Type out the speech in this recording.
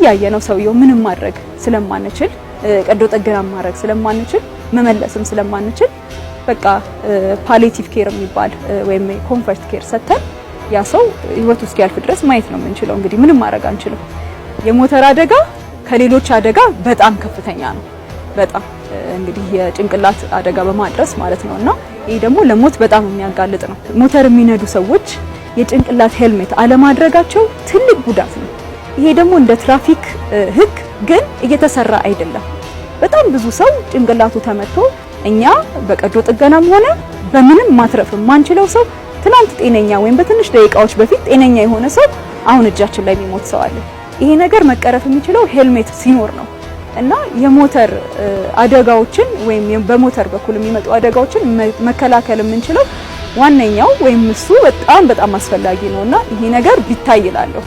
እያየ ነው ሰውየው ምንም ማድረግ ስለማንችል ቀዶ ጥገና ማድረግ ስለማንችል መመለስም ስለማንችል በቃ ፓሊቲቭ ኬር የሚባል ወይም ኮንፈርት ኬር ሰጥተን ያ ሰው ህይወቱ እስኪያልፍ ድረስ ማየት ነው የምንችለው። እንግዲህ ምንም ማድረግ አንችልም። የሞተር አደጋ ከሌሎች አደጋ በጣም ከፍተኛ ነው። በጣም እንግዲህ የጭንቅላት አደጋ በማድረስ ማለት ነው። እና ይህ ደግሞ ለሞት በጣም የሚያጋልጥ ነው። ሞተር የሚነዱ ሰዎች የጭንቅላት ሄልሜት አለማድረጋቸው ትልቅ ጉዳት ነው። ይሄ ደግሞ እንደ ትራፊክ ህግ ግን እየተሰራ አይደለም። በጣም ብዙ ሰው ጭንቅላቱ ተመቶ እኛ በቀዶ ጥገናም ሆነ በምንም ማትረፍ ማንችለው ሰው ትናንት ጤነኛ ወይም በትንሽ ደቂቃዎች በፊት ጤነኛ የሆነ ሰው አሁን እጃችን ላይ የሚሞት ሰው አለ። ይሄ ነገር መቀረፍ የሚችለው ሄልሜት ሲኖር ነው እና የሞተር አደጋዎችን ወይም በሞተር በኩል የሚመጡ አደጋዎችን መከላከል የምንችለው ዋነኛው ወይም እሱ በጣም በጣም አስፈላጊ እና ይሄ ነገር ቢታይ እላለሁ።